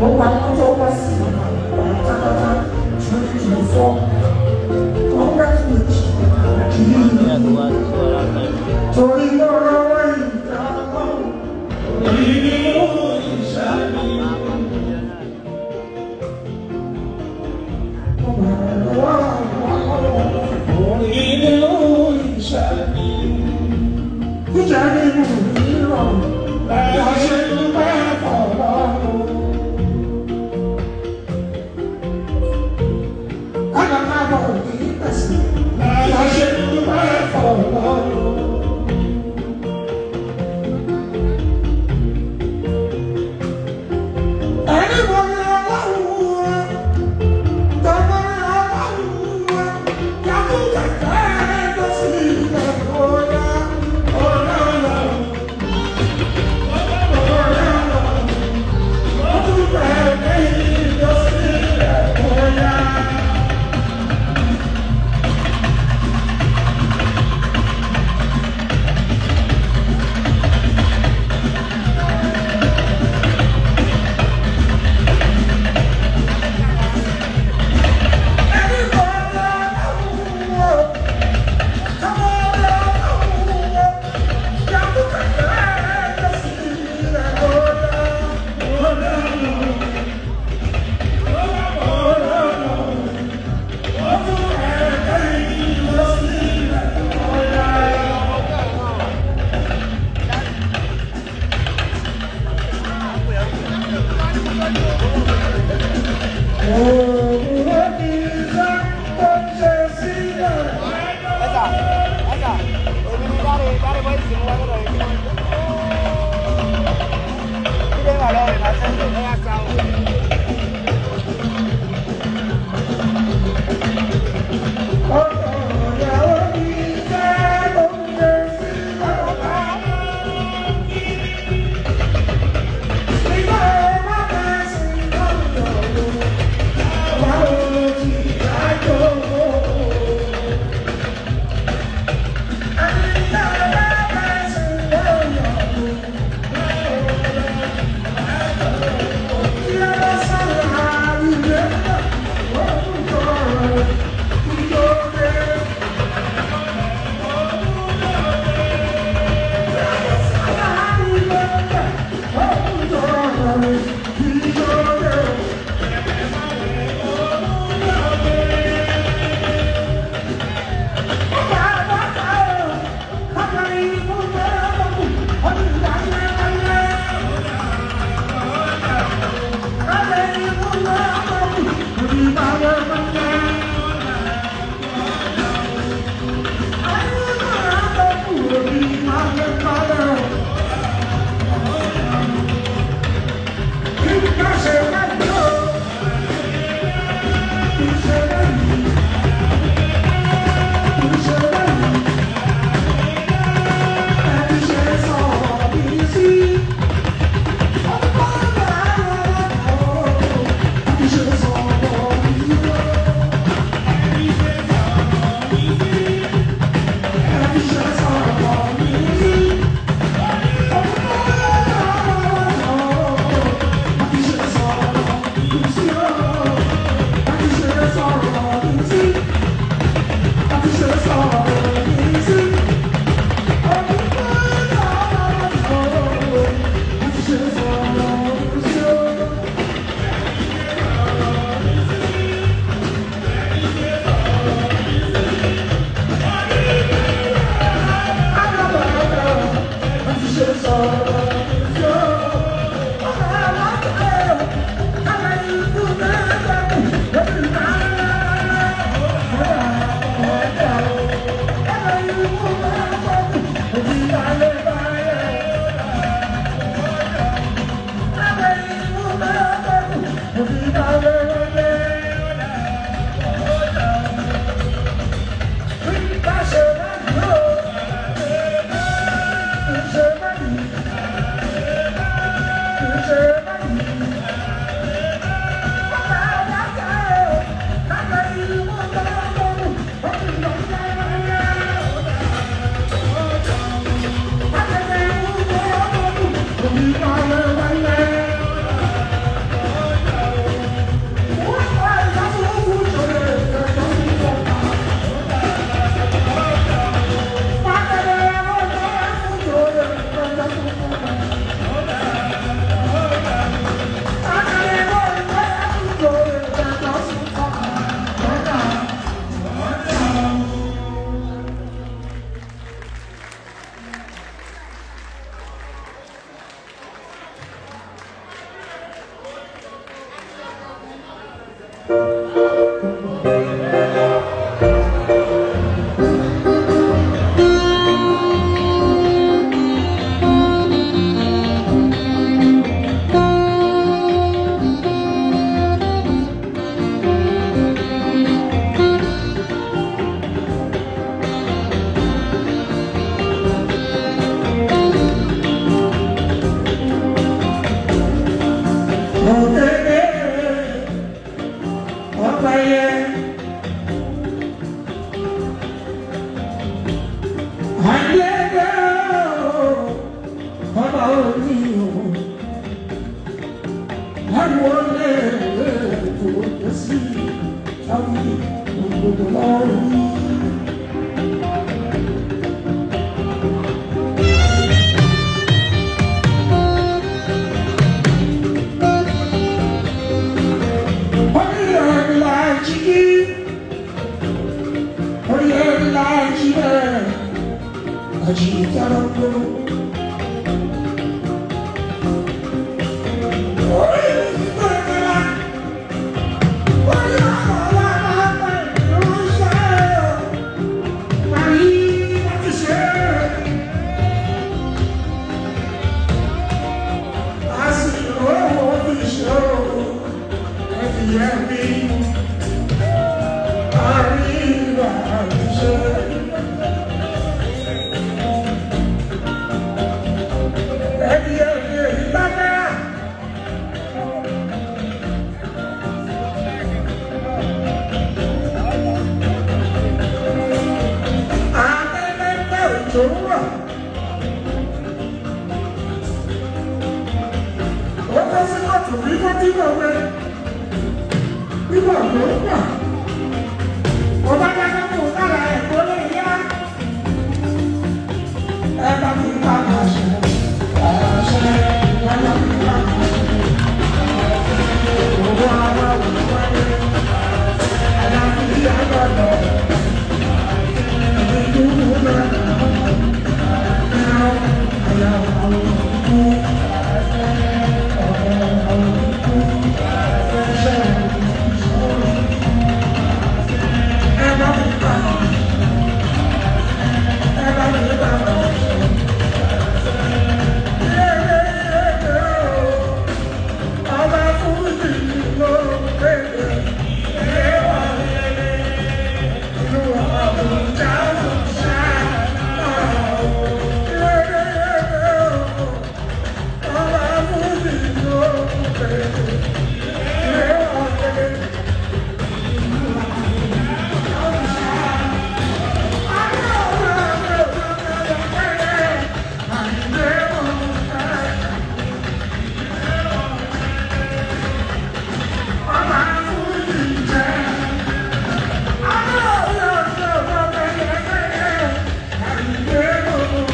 我。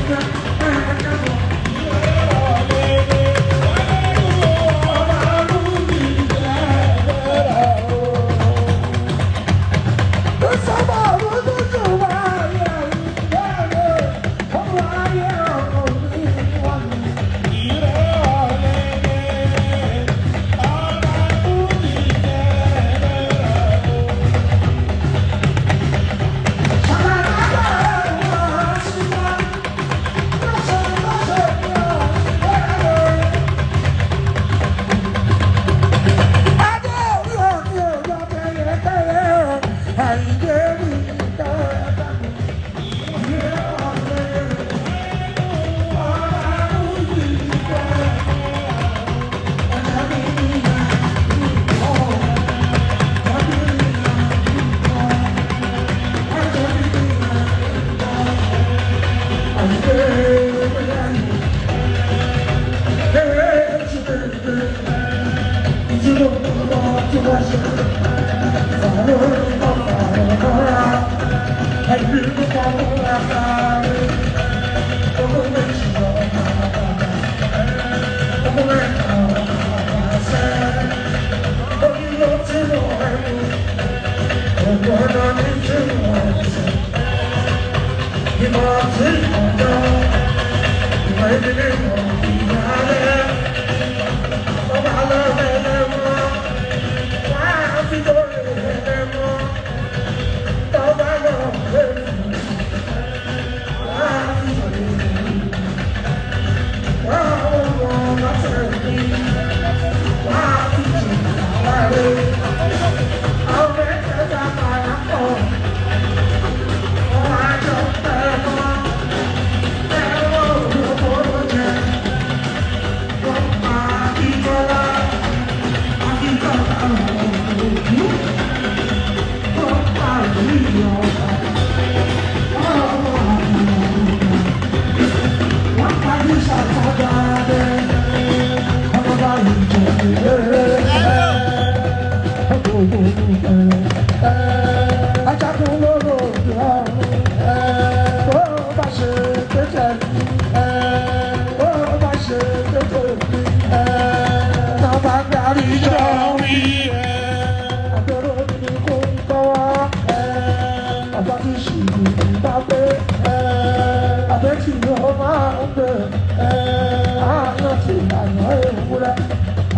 Thank you. I'm not Thank you.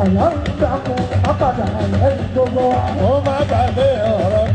ọlọ́run dákun má padà to gbogbo. ó má gbàgbé ọ̀rọ̀.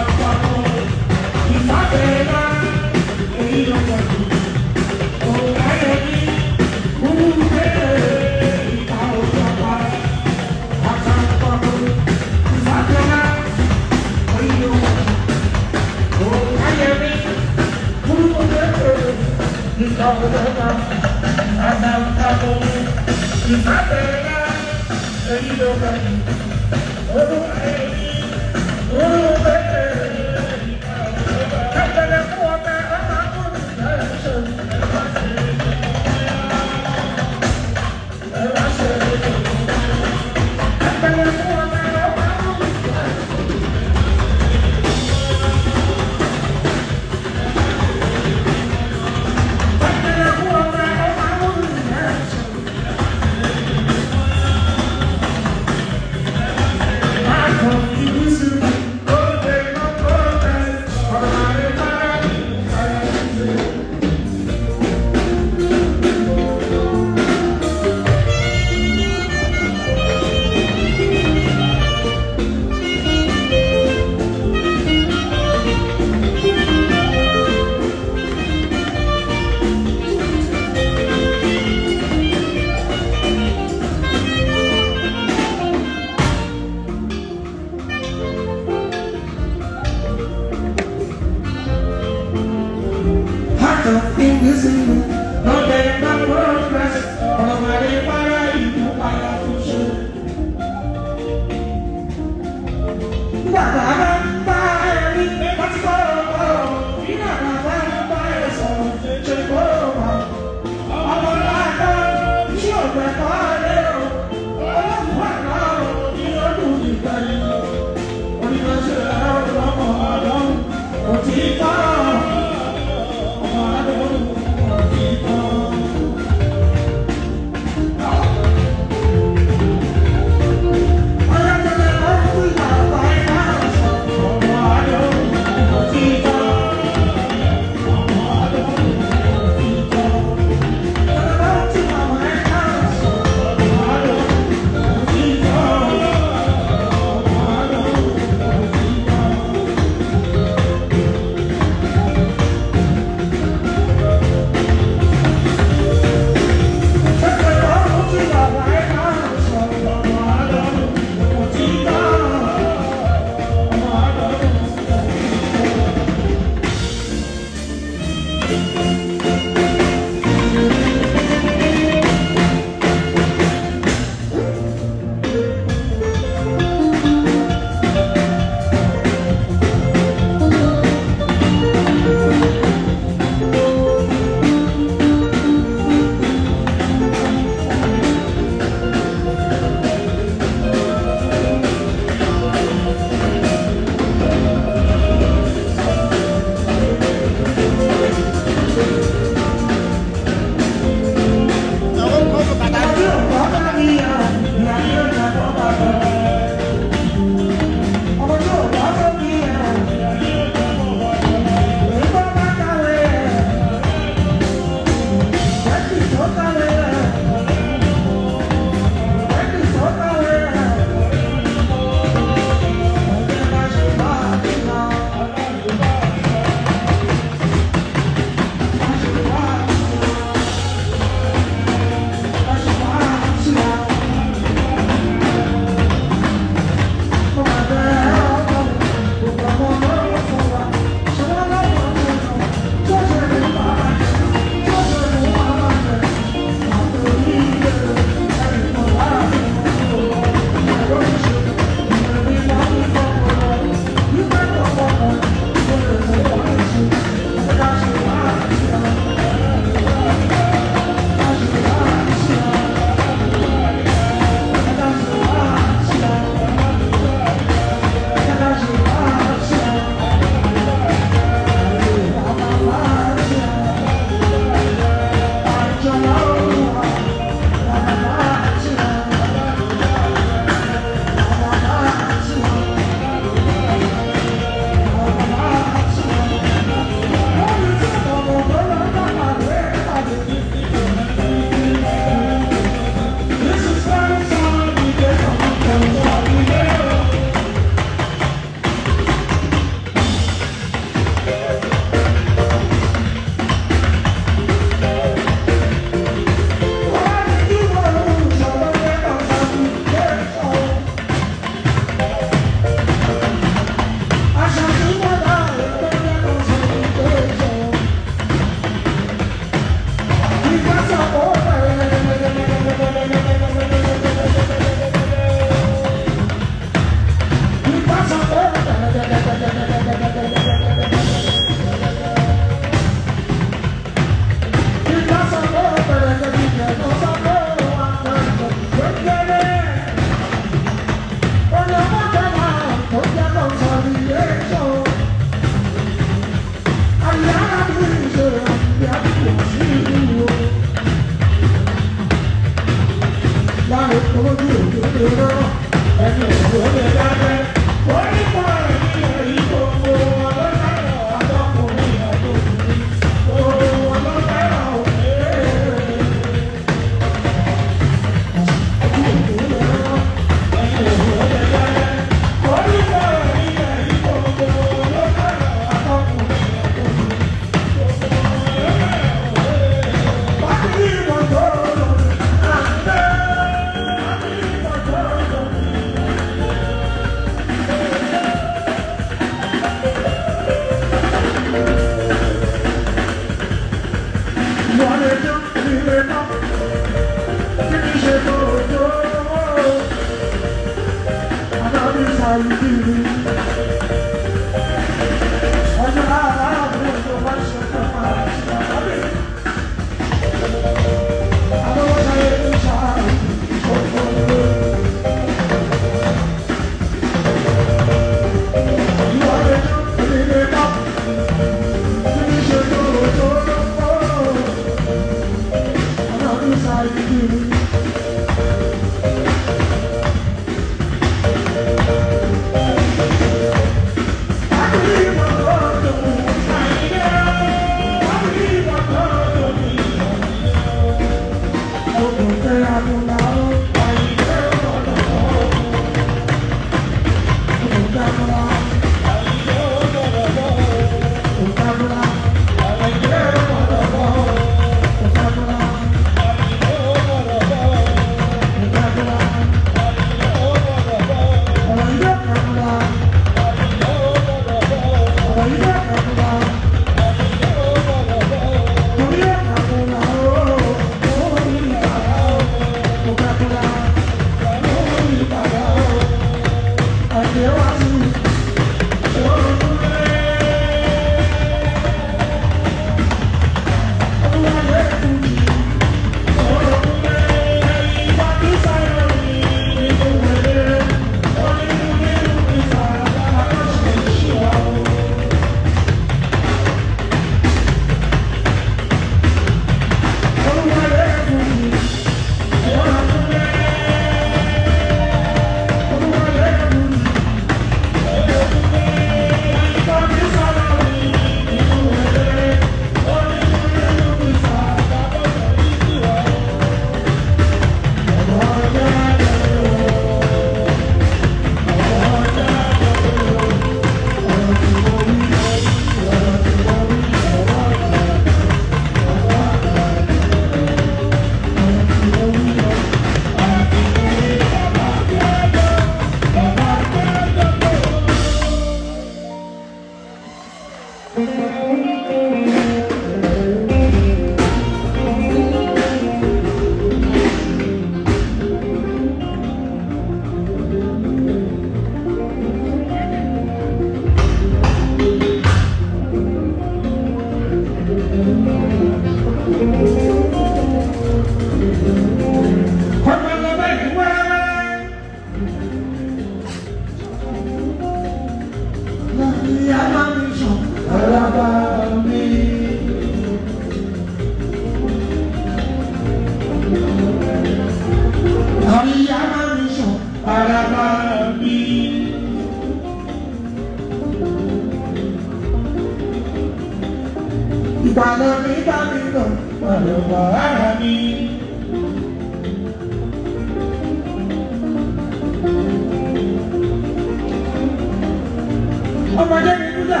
ọmọdé mi dúdà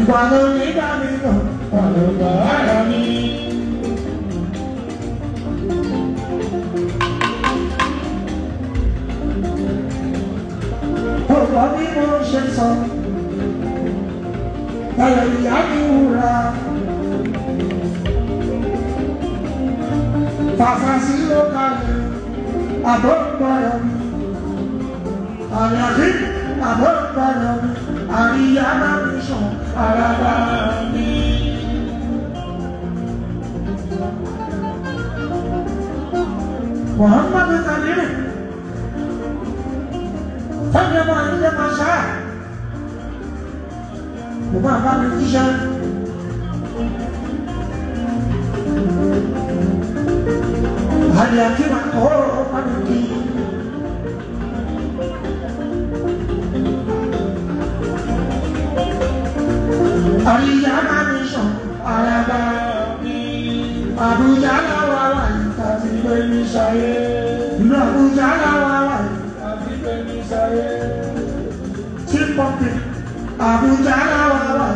ìwà ló ní bá mi lọ ọ̀rọ̀ lọ ọ̀rọ̀ mi. Ọ̀pọ̀ bí mo ṣe sọ, ẹ̀rọ ìyá mi wúra. Fàfà sí ló kalẹ̀, àbọ̀ ń bọ̀rọ̀ mi. Àyàfi àbọ̀ ń bọ̀rọ̀ mi àríyáná mission àràbà mi. Muhammadu Kadiru Fẹ́mi ọmọ àyíké máa ṣá kò máa bá mi jíṣẹ́. Àdìyàkí máa kọ́ ọ́ bá mi kí. àríyá máa mi sàn àràbà àbújá láwa wà àti pé mi ṣayé. ìlú àbújá láwa wà àti pé mi ṣayé. tí pọ́pì àbújá láwa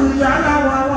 wà àti pé